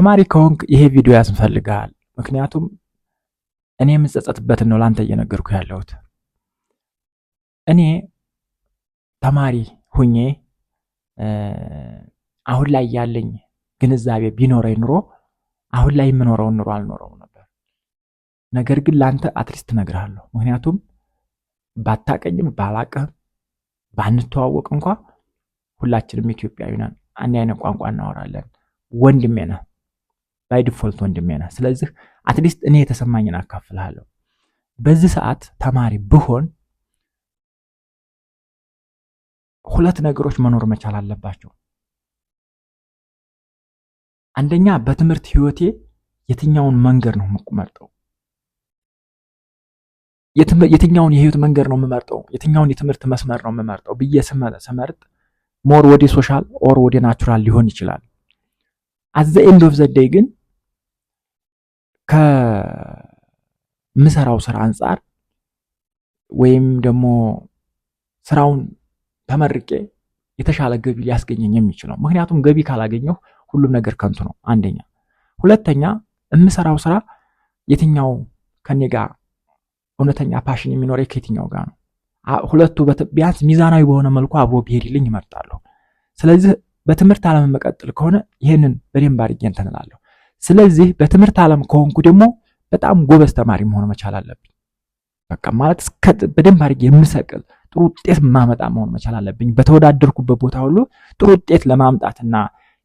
ተማሪ ከሆንክ ይሄ ቪዲዮ ያስፈልግሃል። ምክንያቱም እኔ የምጸጸትበትን ነው ላንተ እየነገርኩ ያለሁት። እኔ ተማሪ ሁኜ አሁን ላይ ያለኝ ግንዛቤ ቢኖረኝ ኑሮ አሁን ላይ የምኖረውን ኑሮ አልኖረው ነበር። ነገር ግን ላንተ አትሊስት እነግርሃለሁ። ምክንያቱም ባታቀኝም ባላቅህም ባንተዋወቅ እንኳ ሁላችንም ኢትዮጵያዊ ነን። አንድ አይነት ቋንቋ እናወራለን። ወንድሜ ነህ። ባይ ዲፎልት ወንድሜ ነህ። ስለዚህ አትሊስት እኔ የተሰማኝን አካፍልሃለሁ። በዚህ ሰዓት ተማሪ ብሆን ሁለት ነገሮች መኖር መቻል አለባቸው። አንደኛ በትምህርት ህይወቴ የትኛውን መንገድ ነው የምመርጠው? የትኛውን የህይወት መንገድ ነው የምመርጠው? የትኛውን የትምህርት መስመር ነው የምመርጠው ብዬ ስመርጥ ሞር ወደ ሶሻል ኦር ወደ ናቹራል ሊሆን ይችላል። አዘ ኤንድ ኦፍ ዘ ዴይ ግን ከምሰራው ስራ አንጻር ወይም ደግሞ ስራውን ተመርቄ የተሻለ ገቢ ሊያስገኘኝ የሚችለው ምክንያቱም ገቢ ካላገኘሁ ሁሉም ነገር ከንቱ ነው። አንደኛ። ሁለተኛ የምሰራው ስራ የትኛው ከኔ ጋር እውነተኛ ፓሽን የሚኖረ ከየትኛው ጋር ነው? ሁለቱ ቢያንስ ሚዛናዊ በሆነ መልኩ አብሮ ብሄድልኝ ይመርጣለሁ። ስለዚህ በትምህርት አለመቀጠል ከሆነ ይህንን በደንብ አድርጌ እንትን እላለሁ። ስለዚህ በትምህርት ዓለም ከሆንኩ ደግሞ በጣም ጎበዝ ተማሪ መሆን መቻል አለብኝ። በቃ ማለት እስከ በደንብ አድርጌ የምሰቅል ጥሩ ውጤት ማመጣ መሆን መቻል አለብኝ። በተወዳደርኩበት ቦታ ሁሉ ጥሩ ውጤት ለማምጣትና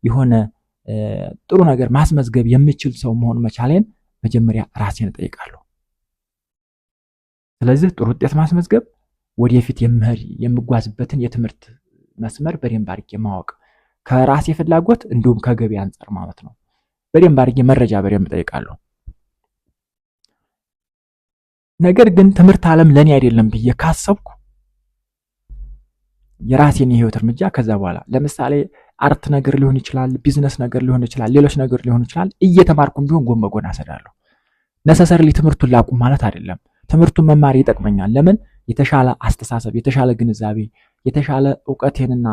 የሆነ ጥሩ ነገር ማስመዝገብ የምችል ሰው መሆን መቻሌን መጀመሪያ ራሴን እጠይቃለሁ። ስለዚህ ጥሩ ውጤት ማስመዝገብ ወደፊት የምህር የምጓዝበትን የትምህርት መስመር በደንብ አድርጌ ማወቅ ከራሴ ፍላጎት እንዲሁም ከገቢ አንጻር ማለት ነው። በደንብ አድርጌ መረጃ በደንብ ጠይቃለሁ። ነገር ግን ትምህርት ዓለም ለእኔ አይደለም ብዬ ካሰብኩ የራሴን የህይወት እርምጃ ከዛ በኋላ ለምሳሌ አርት ነገር ሊሆን ይችላል፣ ቢዝነስ ነገር ሊሆን ይችላል፣ ሌሎች ነገር ሊሆን ይችላል። እየተማርኩም ቢሆን ጎን በጎን አሰዳለሁ። ነሰሰርሊ ትምህርቱን ላቁም ማለት አይደለም። ትምህርቱን መማር ይጠቅመኛል። ለምን የተሻለ አስተሳሰብ፣ የተሻለ ግንዛቤ፣ የተሻለ እውቀቴንና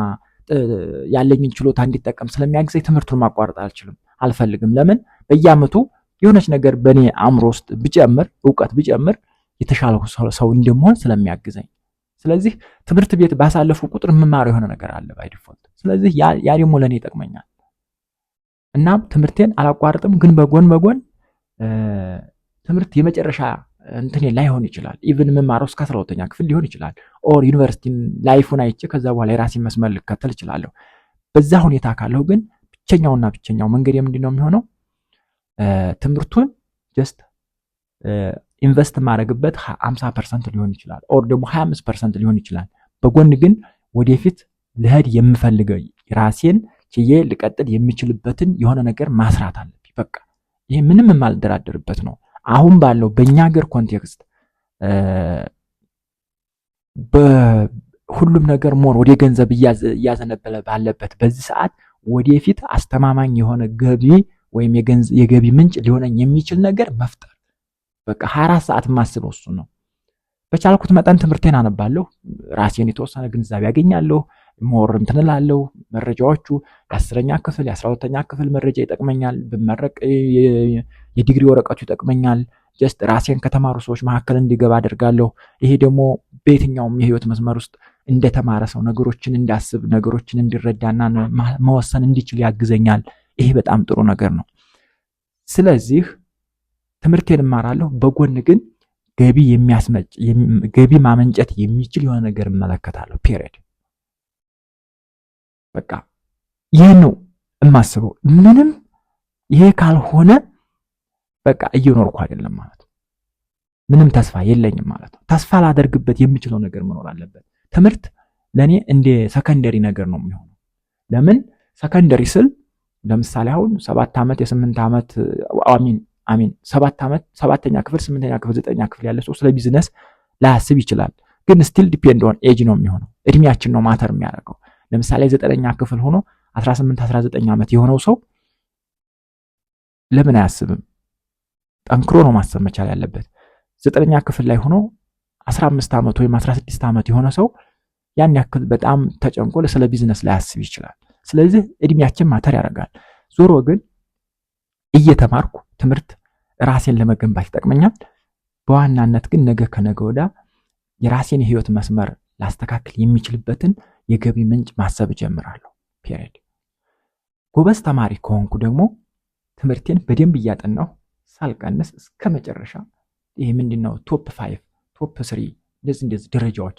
ያለኝን ችሎታ እንዲጠቀም ስለሚያግዘኝ ትምህርቱን ማቋረጥ አልችልም። አልፈልግም። ለምን በየአመቱ የሆነች ነገር በእኔ አእምሮ ውስጥ ብጨምር እውቀት ብጨምር የተሻለ ሰው እንደመሆን ስለሚያግዘኝ ስለዚህ ትምህርት ቤት ባሳለፉ ቁጥር የምማረው የሆነ ነገር አለ ባይ ዲፎልት። ስለዚህ ያ ደግሞ ለእኔ ይጠቅመኛል። እናም ትምህርቴን አላቋርጥም፣ ግን በጎን በጎን ትምህርት የመጨረሻ እንትኔ ላይሆን ይችላል። ኢቭን የምማረው እስከ አስራ ሁለተኛ ክፍል ሊሆን ይችላል። ኦር ዩኒቨርሲቲ ላይፉን አይቼ ከዛ በኋላ የራሴን መስመር ልከተል እችላለሁ። በዛ ሁኔታ ካለሁ ግን ብቸኛውና ብቸኛው መንገድ የምንድን ነው የሚሆነው? ትምህርቱን ጀስት ኢንቨስት የማደርግበት 50 ፐርሰንት ሊሆን ይችላል፣ ኦር ደግሞ 25 ፐርሰንት ሊሆን ይችላል። በጎን ግን ወደፊት ልሄድ የምፈልገው ራሴን ችዬ ልቀጥል የምችልበትን የሆነ ነገር ማስራት አለብኝ። በቃ ይሄ ምንም የማልደራደርበት ነው። አሁን ባለው በእኛ ሀገር ኮንቴክስት ሁሉም ነገር ሞር ወደ ገንዘብ እያዘነበለ ባለበት በዚህ ሰዓት ወደፊት አስተማማኝ የሆነ ገቢ ወይም የገቢ ምንጭ ሊሆነኝ የሚችል ነገር መፍጠር። በቃ 24 ሰዓት የማስበው እሱ ነው። በቻልኩት መጠን ትምህርቴን አነባለሁ፣ ራሴን የተወሰነ ግንዛቤ ያገኛለሁ፣ ሞር እንትን እላለሁ። መረጃዎቹ የአስረኛ ክፍል የአስራ ሁለተኛ ክፍል መረጃ ይጠቅመኛል፣ ብመረቅ የዲግሪ ወረቀቱ ይጠቅመኛል። ጀስት ራሴን ከተማሩ ሰዎች መካከል እንዲገባ አደርጋለሁ። ይሄ ደግሞ በየትኛውም የህይወት መስመር ውስጥ እንደተማረ ሰው ነገሮችን እንዳስብ ነገሮችን እንዲረዳና መወሰን እንዲችል ያግዘኛል። ይሄ በጣም ጥሩ ነገር ነው። ስለዚህ ትምህርቴን እማራለሁ፣ በጎን ግን ገቢ የሚያስመጭ ገቢ ማመንጨት የሚችል የሆነ ነገር እመለከታለሁ። ፔሪድ በቃ ይህ ነው የማስበው። ምንም ይሄ ካልሆነ በቃ እየኖርኩ አይደለም ማለት ነው። ምንም ተስፋ የለኝም ማለት ነው። ተስፋ ላደርግበት የምችለው ነገር መኖር አለበት። ትምህርት ለእኔ እንደ ሰከንደሪ ነገር ነው የሚሆነው። ለምን ሰከንደሪ ስል ለምሳሌ አሁን ሰባት ዓመት የስምንት ዓመት አሚን አሚን ሰባት ዓመት ሰባተኛ ክፍል ስምንተኛ ክፍል ዘጠኛ ክፍል ያለ ሰው ስለ ቢዝነስ ላያስብ ይችላል። ግን ስቲል ዲፔንድ ኦን ኤጅ ነው የሚሆነው። እድሜያችን ነው ማተር የሚያደርገው። ለምሳሌ ዘጠነኛ ክፍል ሆኖ 18 19 ዓመት የሆነው ሰው ለምን አያስብም? ጠንክሮ ነው ማሰብ መቻል ያለበት። ዘጠነኛ ክፍል ላይ ሆኖ 15 ዓመት ወይም 16 ዓመት የሆነ ሰው ያን ያክል በጣም ተጨንቆ ስለ ቢዝነስ ላያስብ ይችላል። ስለዚህ እድሜያችን ማተር ያደርጋል። ዞሮ ግን እየተማርኩ ትምህርት ራሴን ለመገንባት ይጠቅመኛል። በዋናነት ግን ነገ ከነገ ወዳ የራሴን የህይወት መስመር ላስተካክል የሚችልበትን የገቢ ምንጭ ማሰብ እጀምራለሁ። ፔሪድ ጎበዝ ተማሪ ከሆንኩ ደግሞ ትምህርቴን በደንብ እያጠናሁ ሳልቀንስ እስከ መጨረሻ ይሄ ምንድነው ቶፕ ፋይቭ ቶፕ ስሪ እንደዚህ እንደዚህ ደረጃዎች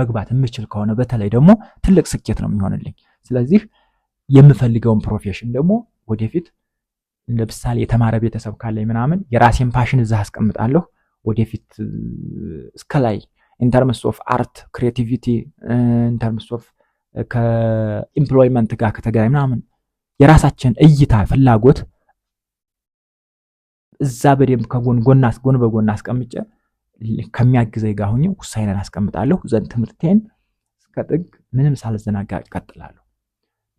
መግባት የምችል ከሆነ በተለይ ደግሞ ትልቅ ስኬት ነው የሚሆንልኝ። ስለዚህ የምፈልገውን ፕሮፌሽን ደግሞ ወደፊት ለምሳሌ የተማረ ቤተሰብ ካለኝ ምናምን የራሴን ፓሽን እዛ አስቀምጣለሁ። ወደፊት እስከ ላይ ኢንተርምስ ኦፍ አርት ክሬቲቪቲ፣ ኢንተርምስ ኦፍ ከኢምፕሎይመንት ጋር ከተገናኝ ምናምን የራሳችን እይታ ፍላጎት እዛ በደንብ ከጎን ጎን በጎን አስቀምጨ ከሚያግዘኝ ጋር ሆኜ ውሳኔን አስቀምጣለሁ። ዘንድ ትምህርቴን እስከ ጥግ ምንም ሳልዘናጋ እቀጥላለሁ።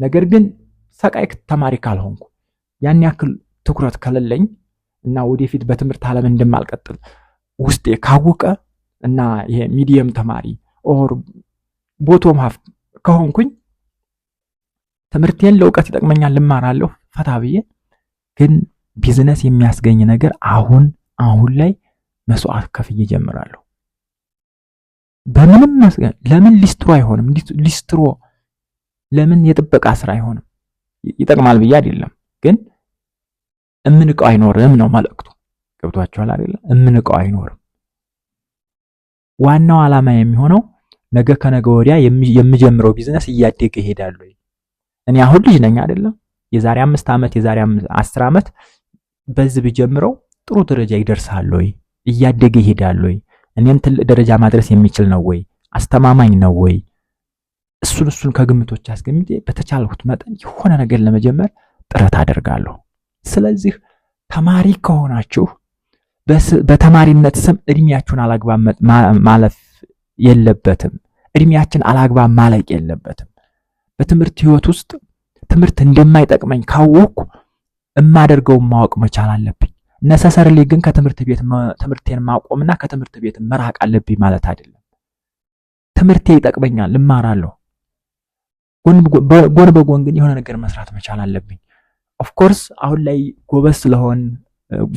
ነገር ግን ሰቃይ ተማሪ ካልሆንኩ ያን ያክል ትኩረት ከሌለኝ እና ወደፊት በትምህርት ዓለም እንደማልቀጥል ውስጤ ካወቀ እና ይሄ ሚዲየም ተማሪ ኦር ቦቶም ሀፍ ከሆንኩኝ ትምህርቴን ለእውቀት ይጠቅመኛል፣ ልማራለሁ ፈታ ብዬ ግን ቢዝነስ የሚያስገኝ ነገር አሁን አሁን ላይ መስዋዕት ከፍዬ ጀምራለሁ። በምንም ለምን ሊስትሮ አይሆንም? ሊስትሮ ለምን የጥበቃ ስራ አይሆንም? ይጠቅማል ብዬ አይደለም፣ ግን እምንቀው አይኖርም ነው መልእክቱ። ገብቷችኋል አይደለ? እምንቀው አይኖርም። ዋናው ዓላማ የሚሆነው ነገ ከነገ ወዲያ የምጀምረው ቢዝነስ እያደገ ይሄዳል ወይ? እኔ አሁን ልጅ ነኝ አይደለም? የዛሬ አምስት ዓመት የዛሬ አስር ዓመት በዚህ ብጀምረው ጥሩ ደረጃ ይደርሳል ወይ? እያደገ ይሄዳል ወይ? እኔን ትልቅ ደረጃ ማድረስ የሚችል ነው ወይ? አስተማማኝ ነው ወይ? እሱን እሱን ከግምቶች አስገምቼ በተቻልኩት መጠን የሆነ ነገር ለመጀመር ጥረት አደርጋለሁ። ስለዚህ ተማሪ ከሆናችሁ በተማሪነት ስም እድሜያችሁን አላግባብ ማለፍ የለበትም። እድሜያችን አላግባብ ማለቅ የለበትም። በትምህርት ህይወት ውስጥ ትምህርት እንደማይጠቅመኝ ካወቅኩ እማደርገውን ማወቅ መቻል አለብኝ። ነሰሰርሊ ግን ከትምህርት ቤት ትምህርቴን ማቆምና ከትምህርት ቤት መራቅ አለብኝ ማለት አይደለም። ትምህርቴ ይጠቅመኛል፣ ልማራለሁ። ጎን በጎን ግን የሆነ ነገር መስራት መቻል አለብኝ። ኦፍኮርስ አሁን ላይ ጎበዝ ስለሆን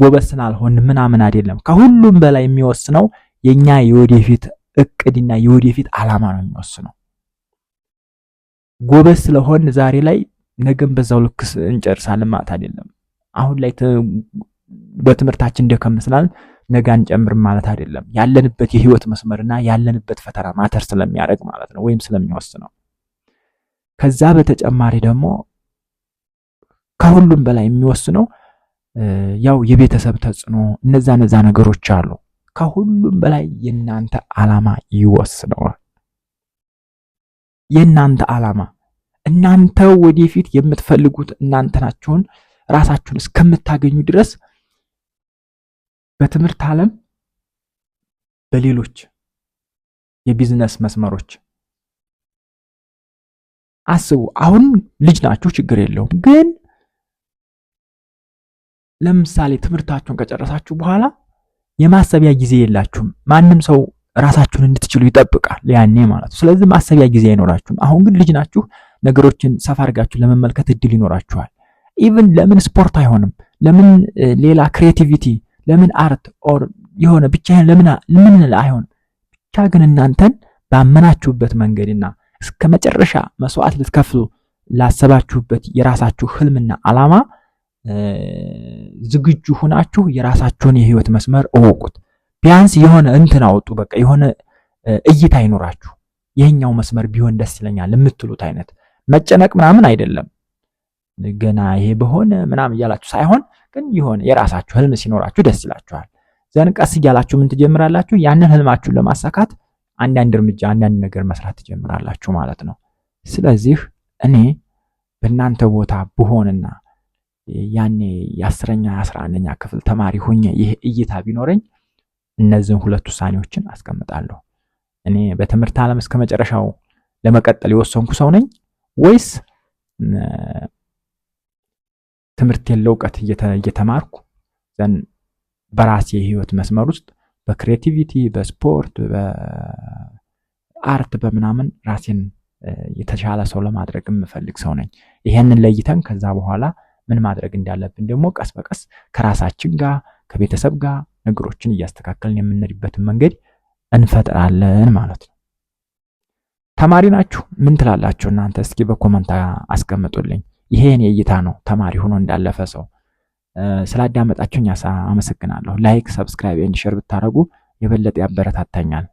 ጎበዝ ስላልሆን ምናምን አይደለም። ከሁሉም በላይ የሚወስነው የኛ የወደፊት እቅድና የወደፊት አላማ ነው የሚወስነው። ጎበዝ ስለሆን ዛሬ ላይ ነገም በዛው ልክ እንጨርሳለን ማለት አይደለም። አሁን ላይ በትምህርታችን ደከም ስላልን ነገ አንጨምርም ማለት አይደለም። ያለንበት የህይወት መስመርና ያለንበት ፈተና ማተር ስለሚያደርግ ማለት ነው ወይም ስለሚወስነው። ከዛ በተጨማሪ ደግሞ ከሁሉም በላይ የሚወስነው ያው የቤተሰብ ተጽዕኖ፣ እነዛ ነዛ ነገሮች አሉ። ከሁሉም በላይ የእናንተ ዓላማ ይወስነዋል። የእናንተ ዓላማ እናንተ ወደፊት የምትፈልጉት እናንተናችሁን ራሳችሁን እስከምታገኙ ድረስ በትምህርት ዓለም በሌሎች የቢዝነስ መስመሮች አስቡ። አሁን ልጅ ናችሁ፣ ችግር የለውም። ግን ለምሳሌ ትምህርታችሁን ከጨረሳችሁ በኋላ የማሰቢያ ጊዜ የላችሁም። ማንም ሰው ራሳችሁን እንድትችሉ ይጠብቃል፣ ያኔ ማለት ነው። ስለዚህ ማሰቢያ ጊዜ አይኖራችሁም። አሁን ግን ልጅ ናችሁ፣ ነገሮችን ሰፋ አድርጋችሁ ለመመልከት እድል ይኖራችኋል። ኢቭን ለምን ስፖርት አይሆንም? ለምን ሌላ ክሬቲቪቲ ለምን አርት ኦር የሆነ ብቻህን ለምን ምን አይሆን ብቻ ግን እናንተን ባመናችሁበት መንገድና እስከ መጨረሻ መስዋዕት ልትከፍሉ ላሰባችሁበት የራሳችሁ ህልምና አላማ ዝግጁ ሁናችሁ የራሳችሁን የህይወት መስመር እወቁት። ቢያንስ የሆነ እንትን አውጡ። በቃ የሆነ እይታ አይኖራችሁ ይህኛው መስመር ቢሆን ደስ ይለኛል የምትሉት አይነት መጨነቅ ምናምን አይደለም። ገና ይሄ በሆነ ምናምን እያላችሁ ሳይሆን ግን ይሆን የራሳችሁ ህልም ሲኖራችሁ ደስ ይላችኋል። ዘን ቀስ እያላችሁ ምን ትጀምራላችሁ? ያንን ህልማችሁን ለማሳካት አንዳንድ እርምጃ፣ አንዳንድ ነገር መስራት ትጀምራላችሁ ማለት ነው። ስለዚህ እኔ በእናንተ ቦታ ብሆንና ያኔ የአስረኛ የአስራ አንደኛ ክፍል ተማሪ ሆኜ ይህ እይታ ቢኖረኝ እነዚህን ሁለት ውሳኔዎችን አስቀምጣለሁ። እኔ በትምህርት ዓለም እስከ መጨረሻው ለመቀጠል የወሰንኩ ሰው ነኝ ወይስ ትምህርቴን እውቀት እየተማርኩ ዘን በራሴ የህይወት መስመር ውስጥ በክሬቲቪቲ፣ በስፖርት፣ በአርት፣ በምናምን ራሴን የተሻለ ሰው ለማድረግ የምፈልግ ሰው ነኝ። ይሄንን ለይተን ከዛ በኋላ ምን ማድረግ እንዳለብን ደግሞ ቀስ በቀስ ከራሳችን ጋር ከቤተሰብ ጋር ነገሮችን እያስተካከልን የምንሄድበትን መንገድ እንፈጥራለን ማለት ነው። ተማሪ ናችሁ? ምን ትላላችሁ እናንተ? እስኪ በኮመንታ አስቀምጡልኝ። ይሄ የኔ እይታ ነው። ተማሪ ሆኖ እንዳለፈ ሰው ስላዳመጣችሁኝ አመሰግናለሁ። ላይክ፣ ሰብስክራይብ ኤንድ ሼር ብታደረጉ የበለጠ ያበረታታኛል።